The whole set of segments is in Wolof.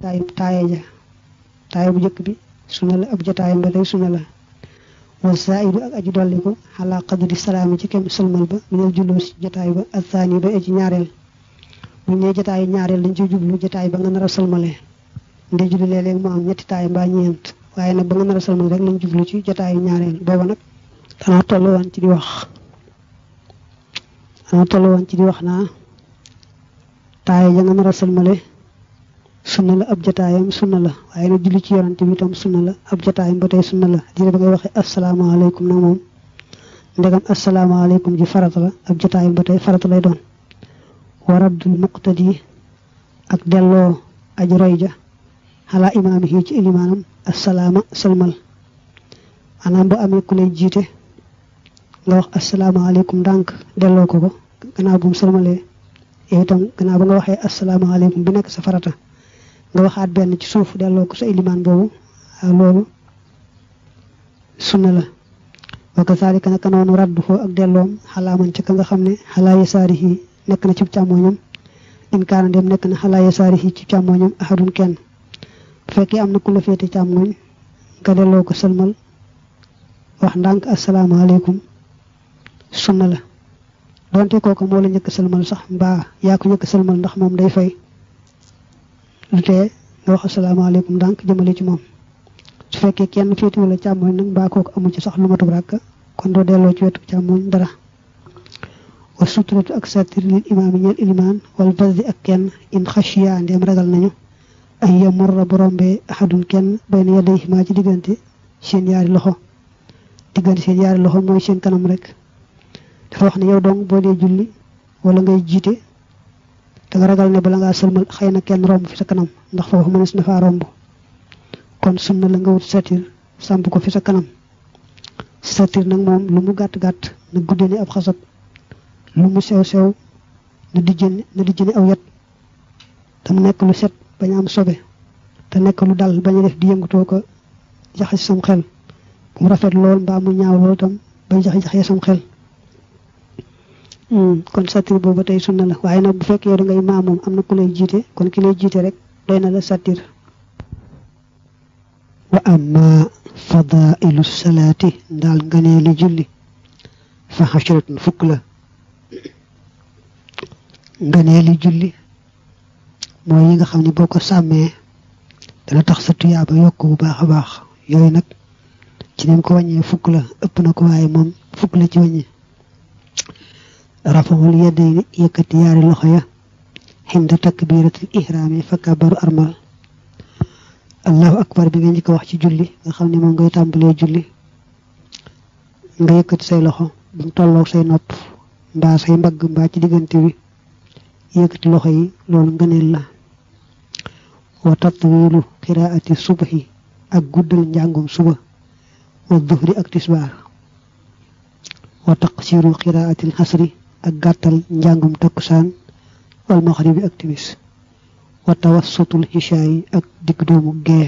taayub taaye ja taaye bu njëkk bi sunna la ab jotaayam ba day sunna la wa zaidu ak aji dolliku ala qadri salaami ci kem sëlmal ba mu nel julloo si jotaay ba athani ba aji ñaareel bu ñu nee jotaayu ñaareel dañ ciy jublu jotaay ba nga nar a sëlmale nde julli léeg-léeg mu am ñetti taay waaye nag ba nga nar a sëlmale rek lañ jublu ci jotaayu ñaareel booba nag danaa toll woon ci di wax danaa toll woon ci di wax naa taay ja nga nara a sëlmale sunna la ab jataayam sunna la waaye nag julli ci yonante bi itam sunna la ab jataayam ba tey sunna la diir ba ngay waxee asalaamaaleykum nag moom ndegam asalaamaaleykum ji farata la ab jataayam ba tey farata lay doon wa raddul muqtadi ak delloo aj roy ja xalaa imaam yi ci ilimaanam asalaama salmal anaam bu amee ku lay jiite nga wax asalaamaaleykum ndànk delloo ko ko gannaaw bu mu salmalee yow itam gannaaw ba nga waxee asalaamaaleykum bi nekk sa nga waxaat benn ci suuf delloo ko sa ilimaan boobu ah, loolu sunna la wa kasaalika naka noonu raddu foo ak delloom xalaaman ci ka nga xam ne xalaa yasaarihi nekk na ci càmmooñam in kaana dem nekk na xalaa yasaarihi ci càmmooñam ahadun kenn bu fekkee am na ku la féete càmmooñ nga delloo ko sëlmal wax ndànk asalaamaaleykum sunna la donte kooku moo la jëkk sëlmal sax mbaa yaa ko njëkk sëlmal ndax moom day fay lu tee nga wax asalaamaaleykum ndànk jëmale ci moom su fekkee kenn féetu wala càmmoñ nag mbaa kooku amul ci sax lu matub ràkk kon doo delloo ci wetu càmmoñ dara wa sutratu ak satir lil imaam yi ñeel ilimaan wala basdi ak kenn in xashiya ndeem ragal nañu ay yamurra bu rombee ahadun kenn bayna ma ci diggante seen yaari loxo diggante seen yaari loxo mooy seen kanam rek dafa wax ne yow dong boo dee julli wala ngay jiite ak ragal ne bala ngaa sëlmal xëy na kenn romb fi sa kanam ndax foofu mënees na faa romb kon sunna la nga wut satir sàmp ko fi sa kanam satir nag moom lu mu gàtt gàtt na gudde ni ab xasab lu mu sew sew na di jëni na di jëni aw yet tam nekk lu set bañ am sobe te nekk lu dal bañ a di yëngutoo ko jaxas sam xel mu rafet lool mbaa mu ñaaw lool tam bañ jaxi jaxee sam xel Mm, kon sattir boobu tey sunna la waaye nag bu fekkee da ngay maam am na ku lay jiite kon ki lay jiite rek doy na la sattir wa amma fadailu salaati ndaal ngëneelu julli fukk la ngëneelu julli mooy yi nga xam ne boo ko sàmmee dana tax sa tuyaaba yokk bu baax a baax yooyu nag ci ni mu ko wàññee fukk la ëpp na ko waaye moom fukk la ci wàññi rafaul yadayni yëkkati yaari loxo ya xinda takbiratil ihraami fa kabaru armal allahu akbar bi nga njëkk wax ci julli nga xam ne moom ngay tàmbalee julli nga yëkkati say loxo bu mu say nopp mbaa say mbagg mbaa ci diggante bi yëkkati loxo yi loolu ngëneel la wa tatwilu qiraati subhi ak guddal njàngum suba wa duhri ak tisbaar wa taqsiru qiraatil xasri ak gàttal njàngum takkusaan wal maxribi ak timis wa tawassatul isha yi ak digg doomu gee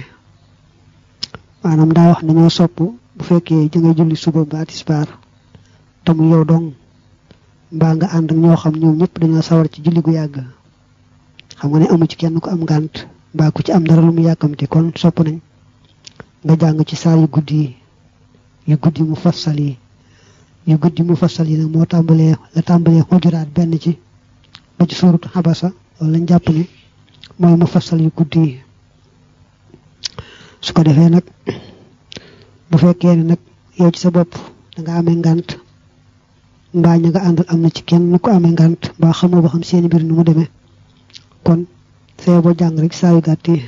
maanaam daa wax nañoo sopp bu fekkee ji ngay julli suba ba tisbaar te mu yow dong mbaa nga ànd ñoo xam ñoom ñépp dañoo sawar ci julli gu yàgg xam nga ne amu ci kenn ku am ngànt mbaa ku ci am dara lu mu yàkkamti kon sopp nañ nga jàng ci saar yu guddi yi yu guddi mu fassal yi yu guddi mu fasal yi nag moo tàmbalee la tàmbalee xujuraat benn ci ba ci suuratu xabasa loolu lañ jàpp ne mooy mu fasal yu guddi su ko defee nag bu fekkee ne nag yow ci sa bopp danga amee ngànt mbaa ña nga àndal am na ci kenn ko amee ngànt mbaa xamoo ba xam seen mbir nu mu deme kon fee boo jàng rek saa yu gàtt yi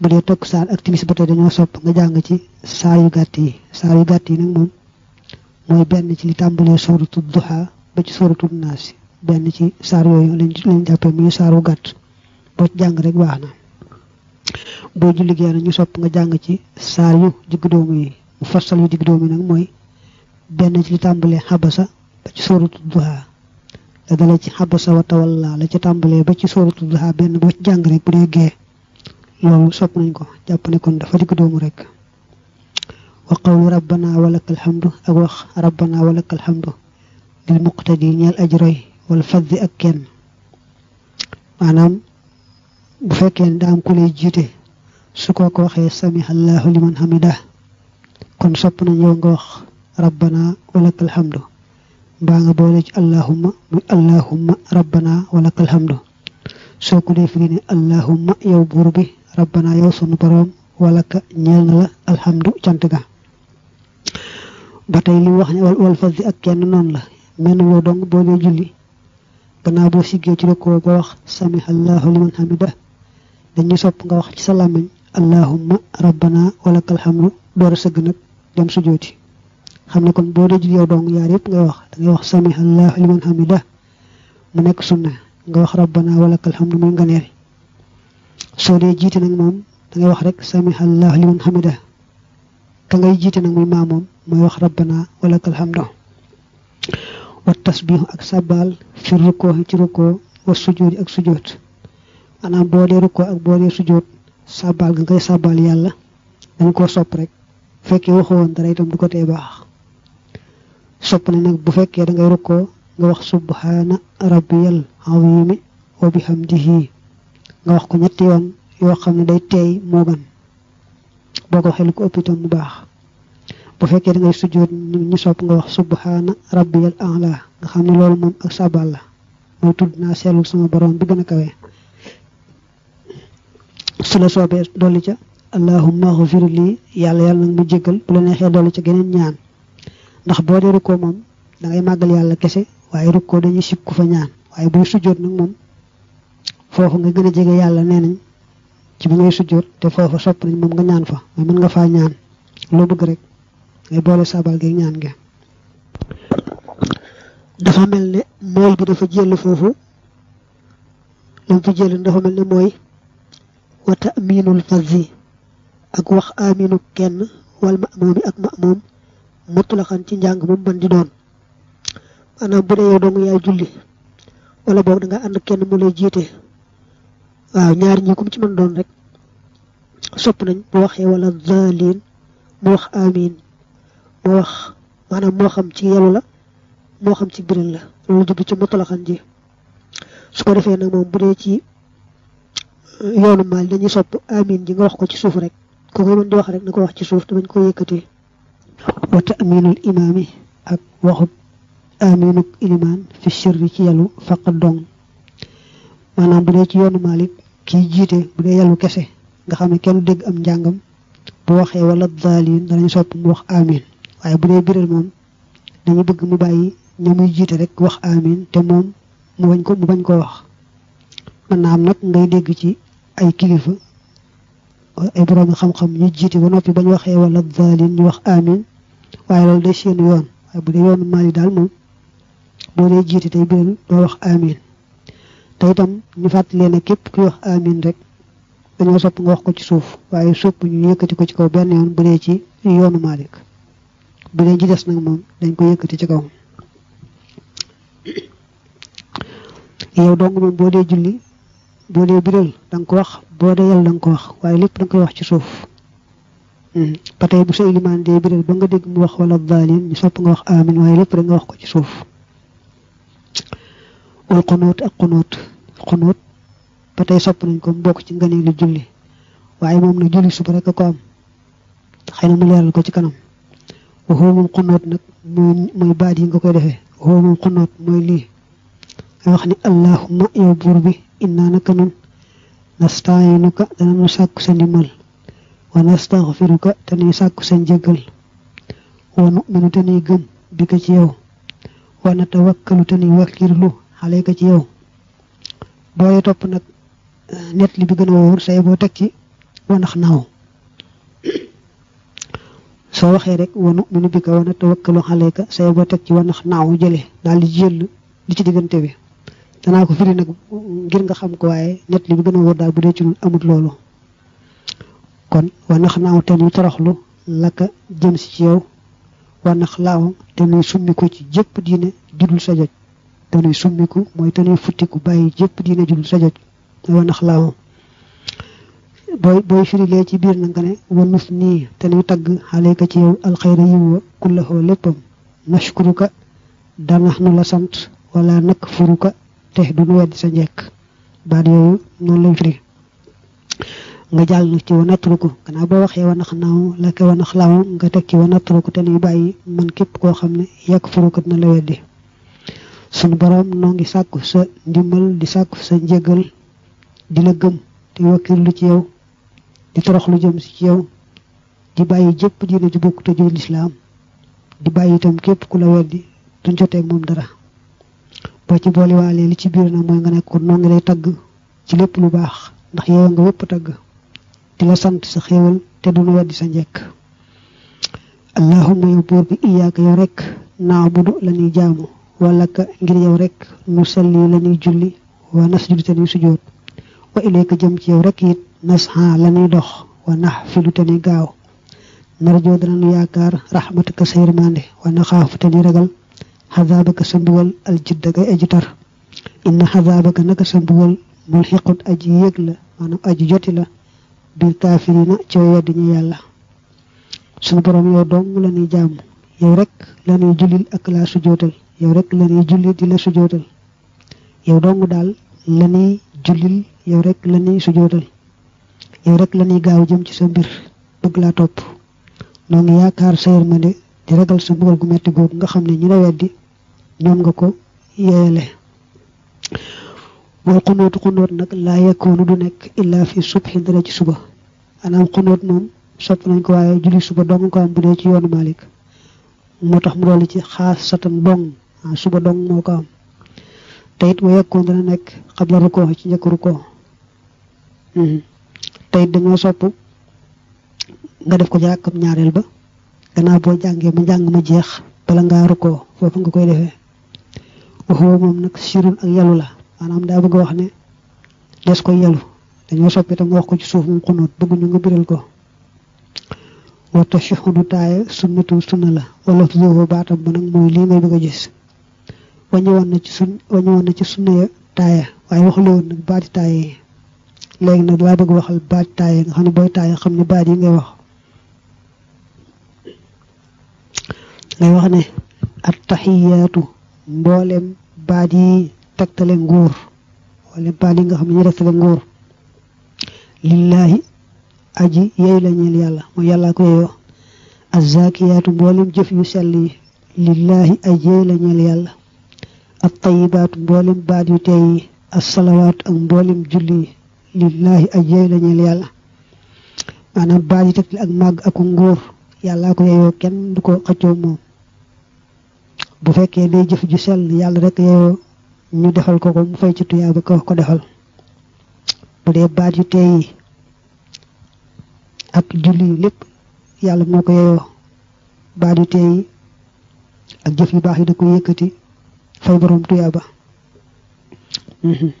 bu dee takkusaan ak timis ba tey dañoo sopp nga jàng ci saa yu gàtt yi saa yu gàtt yi nag moom mooy benn ci li tàmbalee soo duha ba ci sooratu naas benn ci saar yooyu lañ lañ jàppee muy saaru gàtt boo ci jàng rek baax na sopp nga jàng ci saar yu digg doomu yi mu fassal nag mooy benn ci li tàmbalee xabasa ba ci sooratu duha la dala ci ca tàmbalee ba ci sooratu duha benn boo ci jàng rek bu dee gee loolu sopp nañ ko jàpp ne kon dafa digg doomu rek wa qawlu rabbana walakal hamdu ak wax rabbana walakal hamdu lil muqtadi ñeel aj roy wal faddi ak kenn maanaam bu fekkee ne daa jiite su ko ko waxee samihallahu liman hamida kon sopp nañ yow nga wax rabbana walakal hamdu mbaa nga boole allahumma muy allahumma rabbana walakal hamdu soo ko dee firi ne allahumma yow buur bi rabbana yow sunu boroom walaka ñeel na la alhamdu cant ga ba tey li mu wax ne wal fas ak kenn noonu la mel na yow dong boo dee julli gannaaw boo siggee ci rek ba wax sami allahu liman hamida dañuy sopp nga wax ci sa làmmiñ allahumma rabbana walakal hamdu door a sëgg nag dem sujooti xam ne kon boo dee julli yow dong yaar ngay wax dangay wax sami allahu liman hamida mu nekk sunna nga wax rabbana walakal hamdu muy nganeel soo dee jiite nag moom dangay wax rek sami allahu liman hamida dangay ngay jiite nag muy maamoom mooy wax rabbana walakal hamdu wa tasbihu ak sabbal fi rukkoo ci rukkoo wa sujood ak sujood maanaam boo dee rukkoo ak boo dee sujood sabbal nga ngay sabbal yàlla dañ koo sopp rek bu fekkee waxu woon dara itam du ko tee baax sopp na nag bu fekkee da ngay rukkoo nga wax subhaana rabbiyal azimi wa bihamdihi nga wax ko ñetti yoon yoo xam ne day teey moo boo ko waxee lu ko ëpp itam mu baax bu fekkee da ngay ñu sopp nga wax subhaana rabbiyal a'la nga xam ne loolu moom ak sabal la mooy tudd naa seelul sama borom bi gën a kawe su la soobee dolli ca allahumma ghfir lii yàlla yàlla nag mu jéggal bu la neexee dolli ca geneen ñaan ndax boo dee rukkoo moom da màggal yàlla kese waaye rukkoo dañuy sib ku fa ñaan waaye buy sujjoot nag moom foofu nga gën a jege yàlla nee nañ ci bi ngay sujjoot te foofa sopp nañ moom nga ñaan fa mooy nga faa ñaan loo ngay boole saabal gi ñaan gi dafa mel ne mooy bi dafa jël foofu lam fa jël dafa mel ne mooy wa taminul fazi ak wax aminu kenn wal mamoom yi ak mamoom mutlaqan ci njàng moom mën di doon maanaam bu dee yow dong yaay julli wala boog da ànd kenn mu lay jiite waaw ñaar ñi kum ci mën doon rek sopp nañ bu waxee wala zaalin mu wax amin moo wax maanaam moo xam ci yelu la moo xam ci biril la loolu jublu ci mutalaxan ji su ko defee nag moom bu dee ci euh, yoonu maal dañuy sopp amin ji nga wax ko ci suuf rek ko koy mën di wax rek na ko wax ci suuf te bañ ko yëkkati wa taminul imaami ak waxub aminuk ilimaan fi sirri ci yelu faq dong maanaam bu dee ci yoonu maalik kii jiite bu dee yelu kese nga xam ne kenn dégg am njàngam bu waxee wala daalin danañ sopp mu wax amin waaye bu dee biral moom dañu bëgg mu bàyyi ña muy jiite rek wax amin te moom mu bañ ko wax man naa am nag ngay dégg ci ay kilifa ay borom xam-xam ñu jiite ba noppi bañ waxee wala daalin ñu wax amin waaye loolu day seen yoon waaye bu dee yoonu maali daal moom boo dee jiite tey biral doo wax amin te itam ñu fàttalee ne képp kuy wax amin rek dañoo sopp nga wax ko ci suuf waaye sopp ñu yëkkati ko ci kaw benn yoon bu dee ci yoonu maalik bu dee ci des nag moom dañ ko yëkkati ci kaw yow dong boo dee julli boo dee biral da ko wax boo dee yàlla da ko wax waaye lépp da nga koy wax ci suuf hmm. ba tey bu sa ilimaan dee biral ba nga dégg mu wax wala daalin ñu sopp nga wax amin waaye lépp da nga wax ko ci suuf wal xunóot ak xunóot xunóot sopp nañ ko mu bokk ci ngëneelu julli waaye moom nag julli suba rek a ko am xëy na mu leeral ko ci kanam xoomul xunoot nag mooy mooy baat yi nga koy defee xoomul xunoot mooy lii nga wax ni allahumma yow buur bi innaa naka nun nastainuka dananu sàkku sa ndimbal wa nastaxfiruka te nuy sàkku sa njëggal wa nu'minu te nuy gëm bi ka ci yow wa natawakkalu te nuy wakkirlu xale ka ci yow booy topp nag net li bi gën a wóor say boo teg ci wanax naaw soo waxee rek wanu munu bi ko wana tawakkalu ka say boo teg ci wanax naaw jële daal di jël li ci diggante bi danaa ko firi nag ngir nga xam ko waaye net li bi gën a daal bu dee ci lu amut loolu kon wanax naaw te nuy toroxlu laka jëm si ci yow wanax laaw te nuy summiku ci jëpp diine judul sa joj te nuy summiku mooy te nuy ku bàyyi jëpp diine judul sa joj wanax laaw booy booy firilee ci biir na nga ne wa nus nii te luy tagg xaleeka ci yow alxayra yiw wa kullahoo léppam nashkuruka danax nu la sant wala nak furuka te duñu weddi sa njekk baat yooyu noonu lay firi nga jàll nag ci wa natruku gannaaw boo waxee wanax naaw la ko wanax laaw nga teg ci wa natruku te nuy bàyyi man képp koo xam ne yàgg furuka dina la weddi sunu boroom noo ngi sàkku sa ndimbal di sàkku sa njëgal di la gëm te wakkirlu ci yow di torox lu jëm si ci yow di bàyyi jëpp diine ju bokk te ju lislaam di bàyyi itam képp ku la weddi duñ jotee ak moom dara boo ci boole waalee li ci biir nag mooy nga nekk kon tagg ci lépp lu baax ndax yow nga wépp tagg di la sant sa xéewal te duñu weddi sa njekk allahumma yow buur bi iyaaka yow rek naabudu la lañuy jaamu wala ka ngir yow rek nu salli la ñuy julli waa nasjudu te ñuy sujoot wa ilayka jëm ci yow rek it nasxan la nuy dox wa nax filu te ni gaaw narjoo danañu yaakaar raxmataka sa yërmande wa naxaafu te ni ragal xasaabaka sa mbugal aljidda kay aji tar inna xasaabaka naka sa mbugal mul xiqut aji yéeg la maanaam aji joti la biir kaafirina ci way weddi ñu yàlla suñu borom yow dong la ñuy jàmm yow rek la ñuy jullil ak laa sujootal yow rek la julli di la sujootal yow dong daal la ñuy jullil yow rek la ñuy yow rek la ñuy gaaw jëm ci sa mbir bëgg laa topp noo yaakaar sa yërmande di ragal sa mbugal gu metti googu nga xam ne ñu la weddi ñoom nga ko yeele wal xunóotu xunóot nag laa yekkoonu du nekk illaa fi subhi dara ci suba anaam xunóot moom sopp nañ ko waaye julli suba dong ko am bu dee ci yoonu Malik moo tax mu li ci xaas satan dong ah, suba dong moo ko am te it wa yekkoon dana nekk xabla rukkoo ci njëkk ko tey dañoo sopp nga def ko ca ak ñaareel ba gannaaw boo jàngee ma jàng ma jeex bala ngaa rukkoo foofu nga koy defee waxoo moom nag sirun ak yalu la maanaam daa bëgg wax ne ko yalu dañoo sopp itam ko ci suuf mu xunuut bëgguñu nga biral ko waxta la a gis wañu woon na ci sun wañu waaye waxule woon nag baati taaya yi léegi nag laa bëgg waxal baat taay nga xam ne booy taay xam ne baat yi ngay wax ngay wax ne at taxiyaatu mboolem baat yi tegtale nguur wala baat yi nga xam ne ñu tegtale nguur lillaahi aji yey la ñeel yàlla mooy yàllaa ko yeyoo azzakiyaatu mboolem jëf yu sell yi lillaahi aji yey la ñeel yàlla at tayibaatu mboolem baat yu tey yi as ak mboolem julli lillaahi aj yey la ñeel yàlla maanaam baat yi tegtal ak màgg ak nguur yàllaa ko yeyoo kenn du ko xëccoo moom bu fekkee day jëf ju sell yàlla rek yeyoo ñu defal ko ko mu fay ci tuyaaba ko ko defal bu dee baat yu teey ak julli lépp yàlla moo ko yeyoo baat yu teey ak jëf yu baax yi da ko yëkkati fay borom tuyaaba mhm.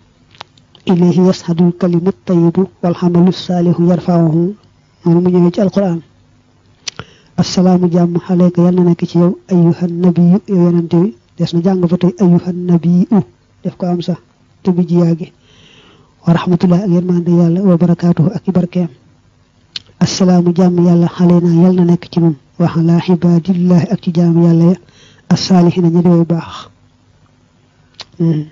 ilayhi yashadul kalimu tayibu wal xamalu saalihu yarfaahu noonu mu ñëwee jàmm aleyka yal na nekk ci yow ayyuhan nabiyu yow yonante bi des na jàng ba tey ayyuhan nabiyu def ko am sax te bi ji yaagi wa rahmatullah ak yërmande yàlla wa barakaatuhu ak i jàmm yàlla xaleynaa yal na nekk ci moom wa ala ibaadillahi ak ci jaam yàlla ya asaalihina ñu di way baax hmm.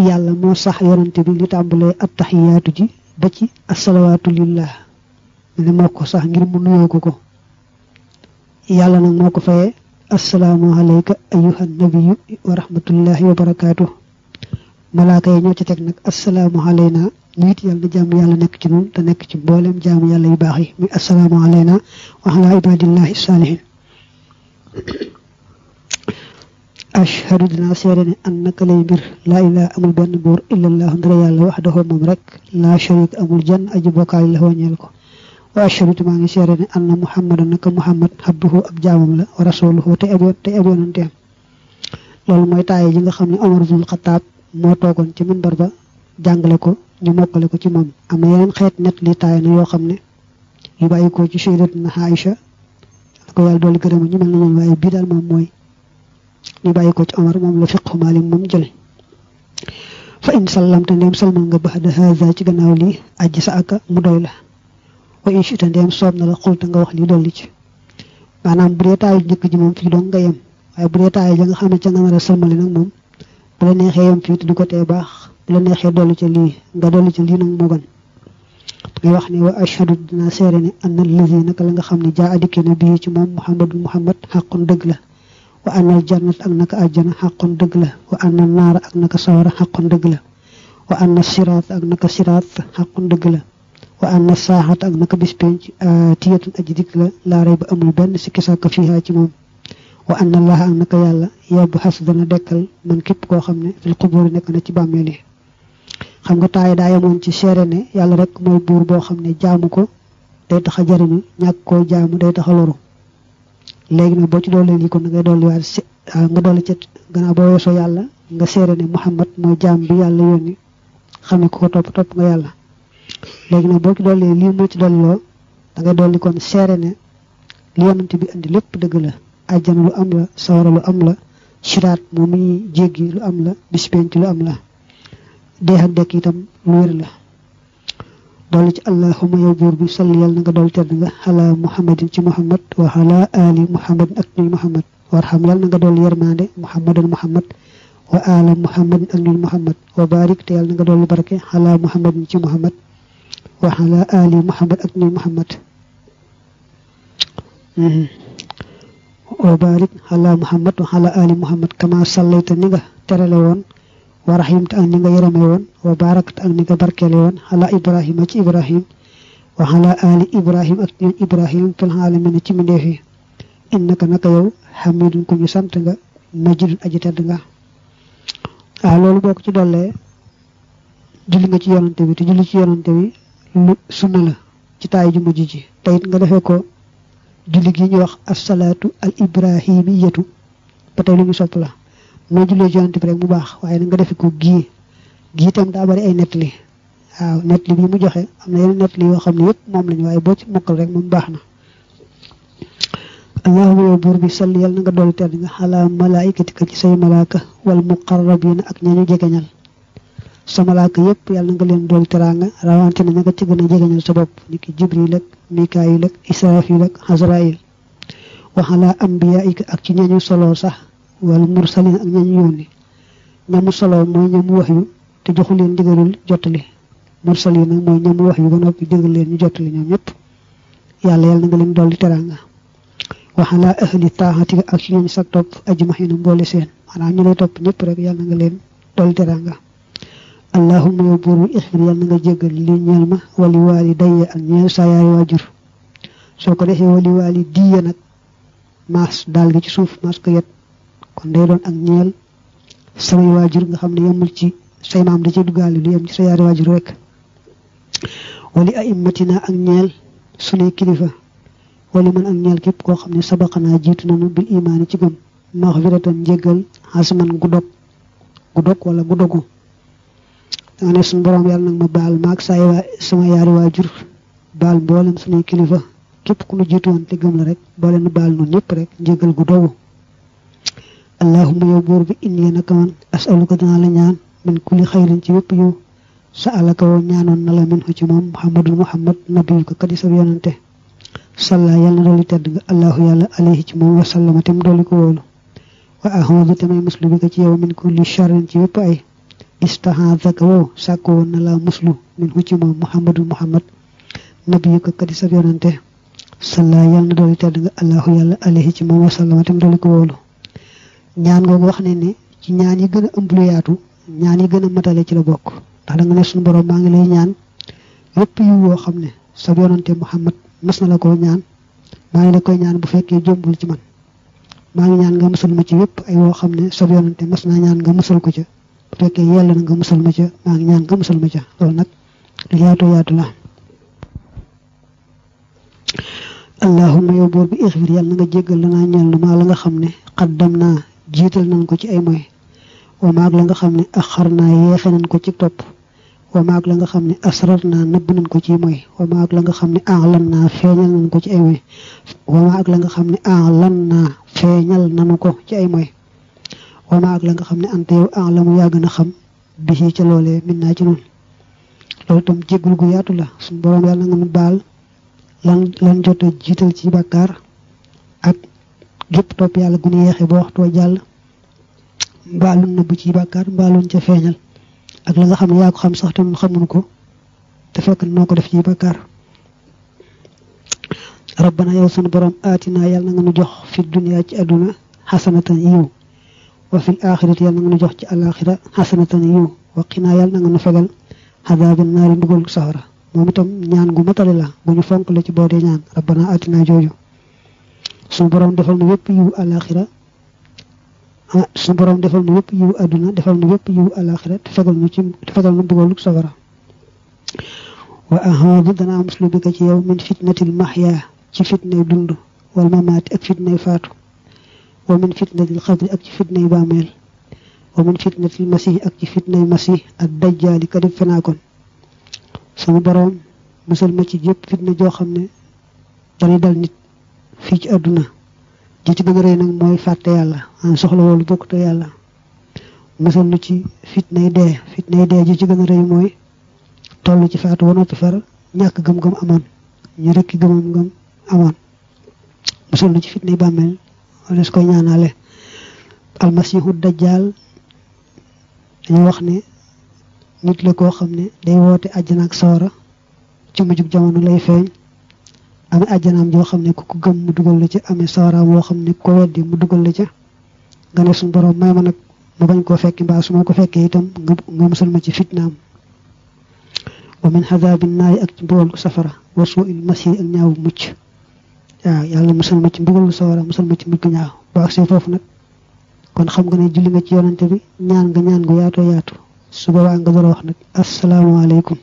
yàlla moo sax yonante bi li tàmbalee at taxiyaatu ji ba ci asalawaatu lillah mu moo ko sax ngir mu nuyoo ko ko yàlla na moo ko fayee assalaamu alayka ayuha nabiyu wa rahmatullahi malaaka yi ñoo ci teg nag assalaamu alayna nit yàlla na jàmm yàlla nekk ci nun te nekk ci mboolem jaamu yàlla yu baax yi muy assalaamu alayna wa ala ibadillahi saalihin ashhadu dinaa seede ne annaka lay mbir laa ilaha amul benn buur illallahu ndara yàlla waxdahu moom rek laa sharik amul jenn aji bokkaay la wañeel ko wa ashhadu te maa ngi seede ne anna muhammadan naka muhammad abduhu ab jaamam la wa rasuluhu te ab te ab loolu mooy taaye ji nga xam ne Omar bnul Xataab moo toogoon ci minbar ba jàngale ko ñu mokkale ko ci moom am na yeneen xeet net li taaye na yoo xam ne yu bàyyi ko ci sayyidatuna Aïcha la ko yàlla na ñoom waaye mooy ñu bàyyi ko ci Omar moom la fiqhu Maalik moom jël fa in sallamta ndeem salmal nga a haza ci gannaaw lii ajj sa aka mu doy la wa in chita ndeem soob na la xulta nga wax lii dolli ci maanaam bu dee taayu njëkk ji moom fii doo nga yem waaye bu dee taayu ja nga xam ne ca nga nar a salmali nag moom bu la neexee yem fii te du ko tee baax bu la neexee dolli ca lii nga dolli ca lii nag moo gën ngay wax ne wa ashhadu dina seere ne anna lazi naka la nga xam ne jaa adikki na bii ci moom muhammadul muhammad xaqun dëgg la wa anal jannat ak naka àjjana xàqoon dëgg la wa anal naara ak naka sawara xàqoon dëgg la wa anal siraat ak naka siraat xàqoon dëgg la wa anal saaxat ak naka bis penc euh, tiyatun aji dikk la laaray ba amul benn sikki sàkk fiihaa ci moom wa anal laaha ak naka yàlla yebbu xas dana dekkal man képp koo xam ne fil xubóori nekk na ci bàmmeel yi xam nga taay daa yemoon ci seere ne yàlla rek mooy buur boo xam ne jaamu ko day taxa a jariñu ñàkk koo jaamu day léegi na boo ci dolli li kon ngay dolli waat ah, nga dolli ca gannaaw boo weesoo yàlla nga seere ne Muhammad mooy jaam bi yàlla yónni xam ne ko topp topp nga yàlla léegi nag boo ci dolli lii moo ci dolli loo da dolli kon seere ne li yonent bi indi lépp dëgg la àjjana lu am la sawara lu am la siraat moom mi jéggi lu am la bis penc lu am la dee ak dekk itam lu wér la dolli ci allahuma yow buur bi salli yàlla na nga dolli tedd nga ala muhammadin ci muhammad wa ala ali muhammadin ak ñuy muhammad warham yàlla na nga dolli muhammad ak ñuy muhammad wa barik te yàlla nga dolli barke ala muhammadin ci muhammad wa muhammad ak ñuy muhammad mhm. wa barik ala muhammad wa ala ali muhammad kama sallayta ni nga terale wa rahim te ak ni nga yërëme woon wa barak te ak ni nga barkeele woon ala ibrahima ci ibrahim wa ala ali ibrahim ak ñoom ibrahim fil aalamiina ci mbindeef yi innaka naka yow xamidun ku ñu sant nga majidun aji tedd nga waaw loolu boo ci dollee julli nga ci yonante bi te julli ci yonante bi lu sunna la ci taay ju mujj ji te it nga defee ko julli gi ñuy wax asalaatu al ibrahimiyatu ba tey lu ñu sopp la noo jullee jonante bi rek mu baax waaye nag nga defe ko gii gii itam daa bari ay nettali waaw nettali bi mu joxe am na yeneen nettali yoo xam ne yëpp moom lañu waaye boo ci mokkal rek moom baax na allahuma yow buur bi sall yàlla na nga doolu tedd nga xalaa malaayikatika ci say malaaka wal muqarrabiina ak ñañu jegeñal sa malaaka yëpp yàlla na nga leen doolu teraanga rawante na ña nga ci gën a jegeñal sa bopp ni ki jibril ak mikaayil ak israfil ak hasrail waxalaa ambiyaika ak ci ñañu solo sax wal mursalin ak ñañ yónni ñamu solo mooy ñamu wax yu te joxu leen ndigalul jottali mursalin nag mooy ñamu wax yu ba noppi digal leen ñu jottali ñoom ñëpp yàlla yàlla na nga leen dolli teraanga waxalaa ahli taaxati ak ci ñooñ sag topp ajmaxiina mboole seen topp ñëpp rek yàlla nga leen dolli teraanga allahumma yow buur bi ixfir yàlla na nga jéggal li ñeel ma wali waali dayya ak ñeel saa yaari waajur soo ko defee wali waali diya nag maas daal gi ci suuf maas ko kon day doon ak ñeel samay waajur nga xam ne yemul ci say maam da ci duggaale lu yem ci sa yaari waajur rek wali aimmatina ak ñeel sunuy kilifa wali man ak ñeel képp koo xam ne sabaqanaa jiitu nanu bil imaani ci gëm maxfiratan njéggal xasman gu dog gu dog wala gu dogu danga ne suñu borom yàlla nag ma baal maag sama sunuy kilifa képp ku nu jiitu woon te gëm la rek boole nu baal noonu ñëpp rek njéggal gu dogu allahuma yow buur bi indi naka man asaluka danaa la ñaan min kulli xayrin ci wépp yow sa alaka woo ñaanoon na la min ci moom muhammadul muhammad nabiyu ko kadi sab yonante salla yàlla na dooli tedd nga allahu yàlla alayhi ci moom wasallama tem dooli ko woolu wa ahodu tamay muslu bi ko ci yow min kulli charrin ci wépp dooli ko woolu ñaan googu wax ne ni ci ñaan yi gën a ëmb lu yaatu ñaan yi gën a matale ci la bokk ndax da nga ne suñu borom maa ngi lay ñaan yëpp yi woo xam ne sa yonante Muhammad mas na la ko ñaan maa ngi la koy ñaan bu fekkee jombul ci man maa ngi ñaan nga musal ma ci yëpp ay woo xam ne sa yonante ñaan nga musal ko ca bu fekkee yell na ma ca maa ngi ñaan nga ca loolu nag lu yaatu yaatu la allahumma yow buur bi ixfir yàlla na xam ne xaddam naa jiital nañ ko ci ay moy wamaag la nga xam ne axar naa yeexe nañ ko ci topp wamaag la nga xam ne asrar na nëbb nañ ko ci moy wamaag la nga xam ne aalan naa feeñal nañ ko ci ay moy wamaag la nga xam ne aalan naa feeñal nañu ko ci ay moy wamaag la nga xam ne ante yow aalamu yaa gën a xam bisi ca loolee min naa ci noonu loolu tam jéggul gu yaatu la suñu borom yàlla nga nu baal lan jot a jiital ci bàkkaar gépp topp yàlla gunu yeexe ba waxtu wa jàll mbaaluñ na bu ci bàkkaar mbaaluñ ca feeñal ak la nga xam ne yaa ko xam sax te xamuñ ko te fekk noo ko def ci bàkkaar rabbana yow sunu borom aatina yàlla na nga nu jox fi dunya ci àdduna xasanatan yiw wa fil axirati yàlla na nga nu jox ci alaxira xasanatan yiw wa qinaa yàlla na nga nu fegal xadaabin naari mbugal sawara moom itam ñaan gu matale la gu ñu fonk la ci boo dee ñaan rabbana a jooju suñu borom defal nu yëpp yiw alaxira ah suñu borom defal nu yëpp yiw àdduna defal nu yëpp yiw alaxira te fegal nu ci te fegal nu bëggoon safara wa ahadu dana am muslu bi ka ci yow min fitnatil mahya ci fitnay dund wal mamaati ak fitnay faatu wa min fitnatil xabri ak ci fitnay bàmmeel wa min fitnatil masih ak ci fitnay masih ak dajjaali ka def fenaakoon suñu borom musal ma ci yëpp fitna joo xam ne dana dal nit. fii ci àdduna ji ci gën a rëy nag mooy fàtte yàlla am soxla woolu bokk te yàlla musal nu ci fitnay dee fitnay dee ji ci gën a rëy mooy toll ci faatu ba far ñàkk gëm-gëm amoon ñu rekki gëm-gëm musal nu ci fitnay bàmmeel wala su ko ñaanale almasihu dajjal dañu wax ne nit la koo xam ne day woote àjjana ak soora ci mujjug jamono lay feeñ amee ajjanaam joo xam ne ku ko gëm mu dugal la ci amee sawaraam woo xam ne ku ko weddi mu dugal la ca nga ne suñu borom may ma nag mu bañ koo fekki mbaa su ma ko fekkee itam nga musal ma ci fitnaam wa min xadaabin ak ci mbugalu safara wa suu il masir ak ñaaw mucc waaw yàlla musal ma ci mbugalu sawara musal ma ci mujj ñaaw boo foofu nag kon xam nga ne julli nga ci yonante bi ñaan nga ñaan gu yaatoo yaatu su boobaa nga door wax nag asalaamaaleykum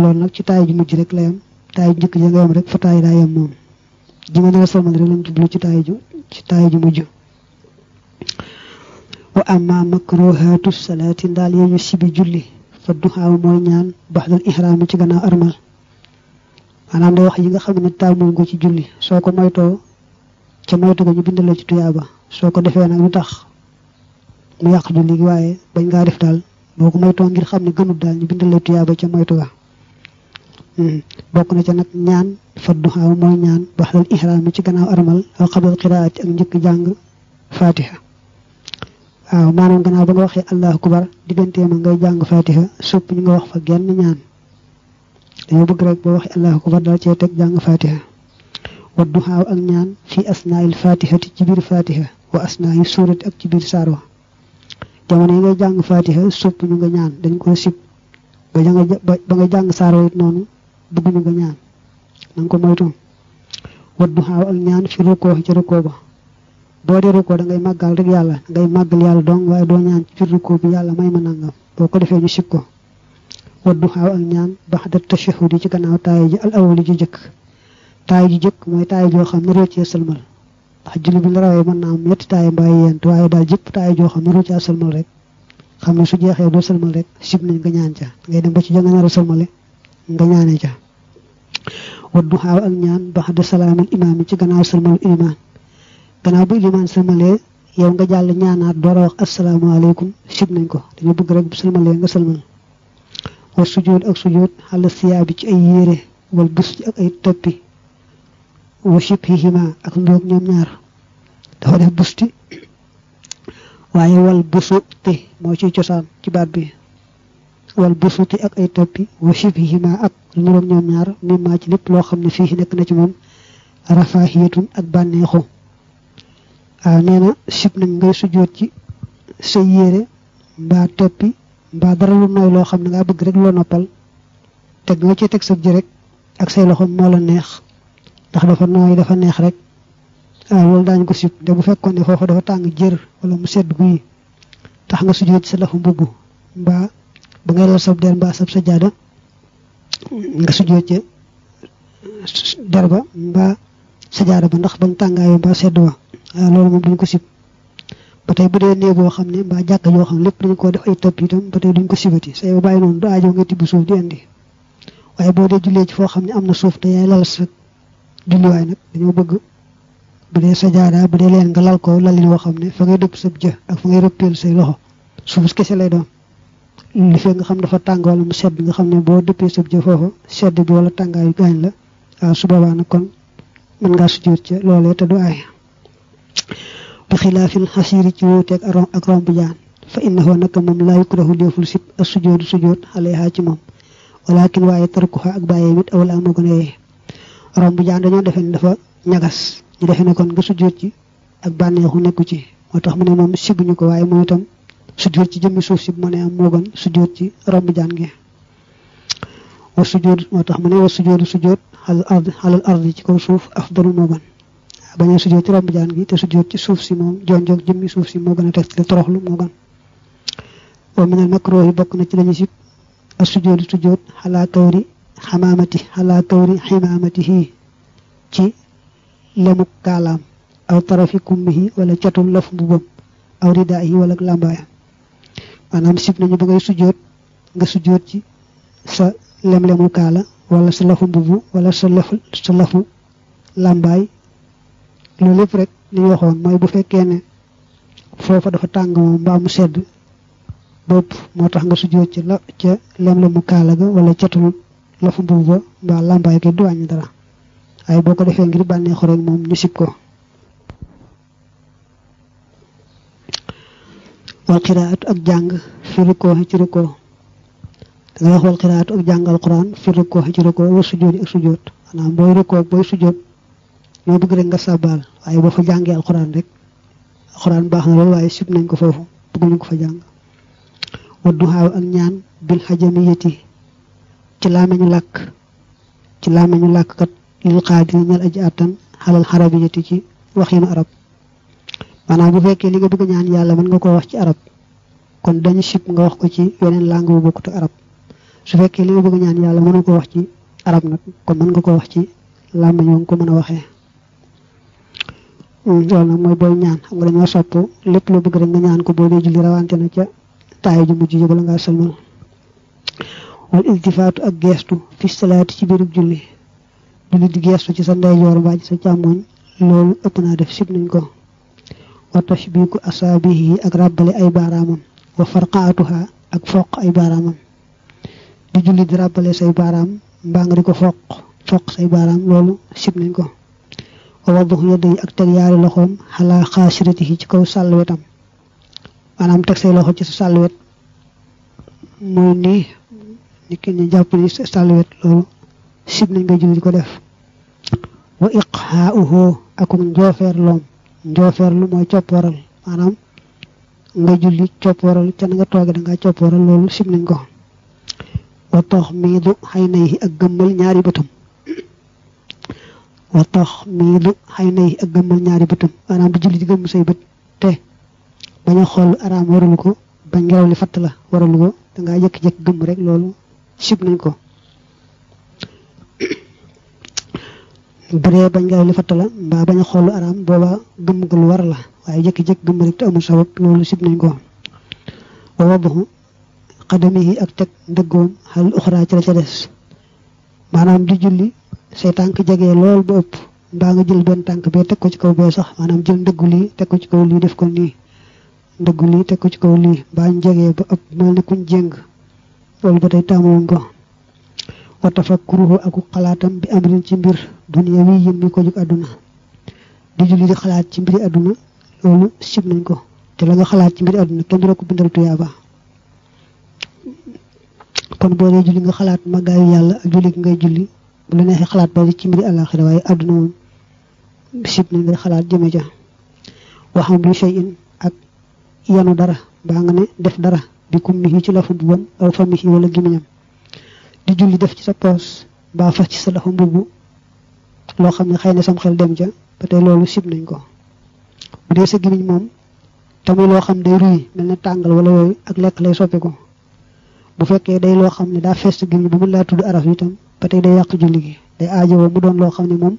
loolu nag ci taay ju mujj rek layam taayu jëkk ja nga yem rek fa taayu daa yem moom ji nga rek lañ jublu ci taayu ju ci taayu ju mujj wa amma makruhaatu salaati ndaal yooyu sibi julli fa duxaaw mooy ñaan baxdal ihraami ci gannaaw armal maanaam day wax yi nga xam ne taamu nga ci julli soo ko moytoo ca moytu ko ñu bind la ci tuyaaba soo ko defee nag lu tax mu yàq julli waaye bañ ngaa def daal boo ko moytoo ngir xam ne gënut daal ñu bind la tuyaaba ca moytu ga Mm. bokk na ca nag ñaan fa duxaaw mooy ñaan baxlal ihraam ci gannaaw armal aw xabal qiraati ak njëkk jàng fatiha waaw maanaam gannaaw ba nga waxee allahu akbar diggantee ma ngay jàng fatiha sopp ñu nga wax fa genn ñaan dañoo bëgg rek boo waxee allahu akbar daal jàng fatiha wa ak ñaan fii asnail fatihati ci biir fatiha wa suurati ak ci biir saar wa jamono yi ngay jàng fatiha sopp ñu nga ñaan dañ ko sib jàng saar wa noonu bëgg na nga ñaan na nga ko moytu wat du xaaw ak ñaan fi rukkoo ci rukkoo ba boo dee rukkoo da ngay màggal rek yàlla ngay màggal yàlla dong waaye doo ñaan ci rukkoo bi yàlla may ma nangam boo ko defee ñu sib ko wat du xaaw ak ñaan bax da tashahudi ci gannaaw taay ji al awali ji jëkk taay ji jëkk mooy taay joo xam ne roccee sëlmal ndax julli bi la rawee mën naa am ñetti taay mbaay yent waaye daal jëpp taay joo xam ne roccee sëlmal rek xam ne su jeexee doo sëlmal rek sib nañ ñaan ca ngay dem ba ci ja nga nar a sëlmale nga wa duxaaw ak ñaan baxda salaamal imaam ci gannaaw salmal imaam gannaaw bu ilimaan salmalee yow nga jàll ñaanaat door a wax asalaamaaleykum sib nañ ko dañu bëgg rek bu salmalee nga salmal wa sujjóot ak sujjóot xala siyaa bi ci ay yére wal bus ci ak ay toppi wa waaye wal busuti moo ci cosaan ci baat bi wal busuuti ak ay toppi wa shibhihima ak lu niroog ñoom ñaar mimma ci lépp loo xam ne fii nekk na ci moom rafaahiyatun ak bànneexu waaw ah, na sib nañ ngay sujjoot ci sa yére mbaa toppi mbaa dara lu loo xam ne ngaa bëgg rek loo noppal teg nga ci teg sab ji rek ak say loxo moo la neex ndax dafa nooy dafa neex rek waaw ah, loolu daañ ko sib te bu fekkoon ne foofa dafa tàng jër wala mu sedd guyi tax nga sujjoot ci sa lafu mbubb mbaa ba ngay lal sab der mbaa sab sajaada nga sujjóot ca der ba mbaa sajaada ba ndax bañ tàngaayu mbaa sedd wa loolu moom duñ ko sib ba tey bu dee néeg boo xam ne mbaa jàkka yoo xam ne lépp dañ ko def ay topp itam ba tey duñ ko sibati sa yow bàyyi noonu du aajoo nga tibb suuf di andi waaye boo dee jullee ci foo xam ne am na suuf te yaay lal sa julliwaay nag dañoo bëgg bu dee sajaada bu dee leen nga lal ko lalin woo xam ne fa ngay dëpp sab jë ak fa ngay rëppeel say loxo suuf kese lay doon li fekk nga xam dafa tàng wala mu sedd nga xam ne boo dëppee sab jë foofu sedd bi wala tàngaayu gaañ la waaw su boobaa nag kon mën ngaa sujjóot ca loolee te du aay bi xilaafil xasiiri ci wuuteeg ak romb jaan fa innahu naka moom laa yukrahu déeful sib ak sujjóotu sujjóot alayha ci moom walakin waaye tarkuha ak bàyyee mit awla moo gën a yee romb jaan dañoo defee ne dafa ñagas ñu defee ne kon nga sujjóot ci ak bànneexu nekku ci moo tax mu ne moom siguñu ko waaye moom sujjóot ci jëmmi suuf si bu mënee am moo sujjóot ci romb jaan gi wa sujjóot moo tax mu ne wa sujjóotu sujjóot alal ard alal ard ci kaw suuf afdalu moo gën bañee sujjóot ci romb gi te sujjóot ci suuf si moom jonjoog jëmmi suuf si moo gën a tegtale bokk na ci lañu sib a sujjóotu sujjóot xalaa kawri xamaamati xalaa kawri ximaamatihi ci lemu kaalaam aw tarafi kummihi wala catul laf mbubam aw ridaahi wala làmbaayam maanaam sib nañu ba ngay sujjoot nga sujjoot ci sa lemlemu kaala wala sa lafu mbubu wala sa lafu sa lafu làmbaay loolu lépp rek li waxoon mooy bu fekkee ne foofa dafa tàng moom mbaa mu sedd bopp moo tax nga sujjoot ci la ca lemlemu kaala ga wala catul lafu mbubu ba mbaa làmbaay gi du wàññi dara waaye boo ko defee ngir bànneexu rek moom ñu sib ko wal xiraatu ak jàng fi rukkoo ci rukkoo da ngay wax wal xiraatu ak jàng alquran fi rukkoo ci rukkoo wa sujjoot ak sujjoot maanaam booy rukkoo nga sàbbaal waaye boo fa jàngee alquran rek alquran baax na loolu waaye sib nañ ko foofu bëgguñu ko fa jàng wa duxaaw ak ñaan bil xajamiyati ci laameñu làkk ci laameñu làkk kat lil di ñal aji àttan xalal xarabiyati ci waxiinu arab maanaam bu fekkee li nga bëgg ñaan yàlla mën nga koo wax ci arab kon dañu sib nga wax ko ci weneen langue bu bokkut arab su fekkee li nga bëgg ñaan yàlla mënu koo wax ci arab nag kon mën nga koo wax ci làmmiñ wa nga ko mën a waxee hmm, loolu nag mooy booy ñaan xam nga dañoo sopp lépp loo bëgg rek nga ñaan ko boo dee julli rawante na ca taayi ju mujj ji bala ngaa sëlmal wal iltifaatu ak geestu fi salaati ci biirub julli julli di geestu ci sa ndeyjoor mbaa ci sa càmmoñ loolu ëpp def sib nañ ko wa tashbiku asaabihi ak ràbbale ay baaraamam wa farqaatuha ak foq ay baaraamam di julli ràbbale say baaraam mbaa nga di ko foq foq say baaraam loolu sib ko wa wadduhu yadda yi ak teg loxoom xalaa xaasiratihi ci kaw sàllwetam maanaam teg say loxo ci sa sàllwet mooy nii ni ki ñu jàpp ni sàllwet loolu sib nañ nga di ko def wa iqhaauhu akum njoofeer loom njooferlu mooy coppooral maanaam nga julli coppooral ca na nga tooge da nga coppooral loolu sib nañ ko wa tax miidu xay na yi ak gëmmal ñaari bëtam wa tax miidu xay na yi ak gëmmal ñaari bëtam maanaam di julli di gëmm say bët te bañ a xool araam waralu ko bañ ngelaw li fatt la waralu ko da ngaa jëkk-jëkk gëmm rek loolu sib nañ ko bu dee bañ ngaa li fatt mbaa bañ a xool lu araam boobaa gëmm ga lu la waaye jékki-jékki gëmm rek te amul sabab loolu sib nañ ko wa wadhu qadamihi ak teg ndëggoom xal uxraa ci la ca des maanaam di julli say tànk jege lool ba ëpp mbaa nga jël benn tànk bee teg ko ci kaw bee sax maanaam jël ndëggu lii teg ko ci kaw lii def ko nii ndëggu lii teg ko ci kaw lii mbaa ñu ba ëpp mel ni kuñ jéng loolu ba tey taamu wuñ ko wa tafakkuruhu aku xalaatam bi amrin ci mbir dunyawi yin mi ko jóg àdduna di julli di xalaat ci mbiri àdduna loolu sib nañ ko te la nga xalaat ci mbiri àdduna kenn du la ko bindal tuyaaba kon boo dee julli nga xalaat màggaayu yàlla ak julli gi ngay julli bu la neexee xalaat ba ci mbiri àllaaxira waaye àdduna moom sib xalaat jëme ja waxam bi shay in ak yanu dara baa nga ne def dara bi kum mi ci la fut woon aw fa mi wala gémmiñam di julli def ci sa poos mbaa fas ci sa loxo mbubb loo xam ne xëy na sam xel dem ja ba tey loolu sib nañ ko bu dee sa gimiñ moom tamit loo xam day ruy mel na tàngal wala yooyu ak lekk lay soppi bu fekkee day loo xam ne daa fees sa bu mu laa tudd araf tam ba tey day yàq julli gi day aajowoo mu doon loo xam ne moom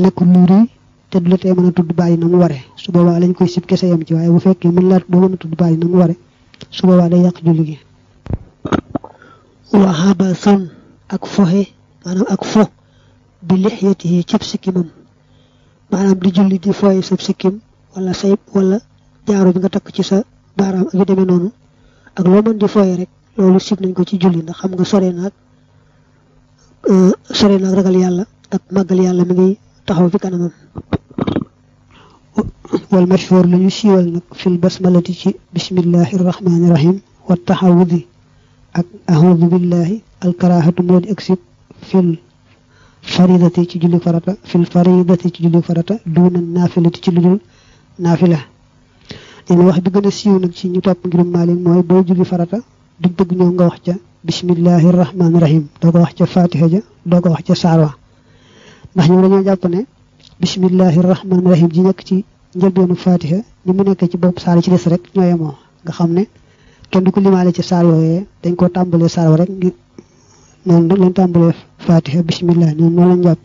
nekkul luy ruy te du la tee mën a tudd bàyyi na mu ware su boobaa lañ koy sib kese yam ci waaye bu fekkee mën laa doo mën a tudd bàyyi na mu ware su boobaa day yàq julli gi waxaba son ak foxe maanaam ak fo bi lixyati yi cab sikkimam maanaam di julli di fooye sab sikkim wala say wala jaaro bi nga takk ci sa baaraam ak yu demee noonu ak loo mën di fooye rek loolu sib nañ ko ci julli ndax xam nga sore naag sore naag ragal yàlla ak màggal yàlla mi ngi taxaw fi kanamam wal mashhur lu ñu siiwal nag fil basmalati ci bismillahi rahmaani rahim wa taxawudi ak ahoudu billahi alkarahatu moo di ak sib fil faridati ci julli farata fil faridati ci julli farata duuna naafilati ci lu dul naafila leen wax bi gën a siiw nag ci ñu topp ngirum Maalik mooy boo julli farata du bëgg ñoo nga wax ca bismillahi rahmaani rahim doo ko wax ca fatiha ja doo ko wax ca saarwa ndax ñoom dañoo jàpp ne bismillahi rahmaani rahim ji nekk ci njëlbeenu fatiha ni mu nekk ci bopp saar ci des rek ñoo yemoo nga xam ne kenn du ko limaale ci saar yooyee dañ koo tàmbalee saar rek ngir noonu nag lañ tàmbalee fatiha bismillah noonu lañ jàpp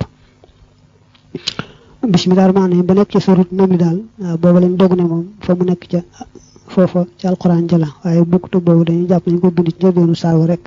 bismillah rahmaan ba nekk ci surat namli daal waaw booba lañ dog ne moom fa nekk ca foofa ci la jala waaye bukkute boobu dañuy jàpp nañ ko bind ci njëlbeenu saar rek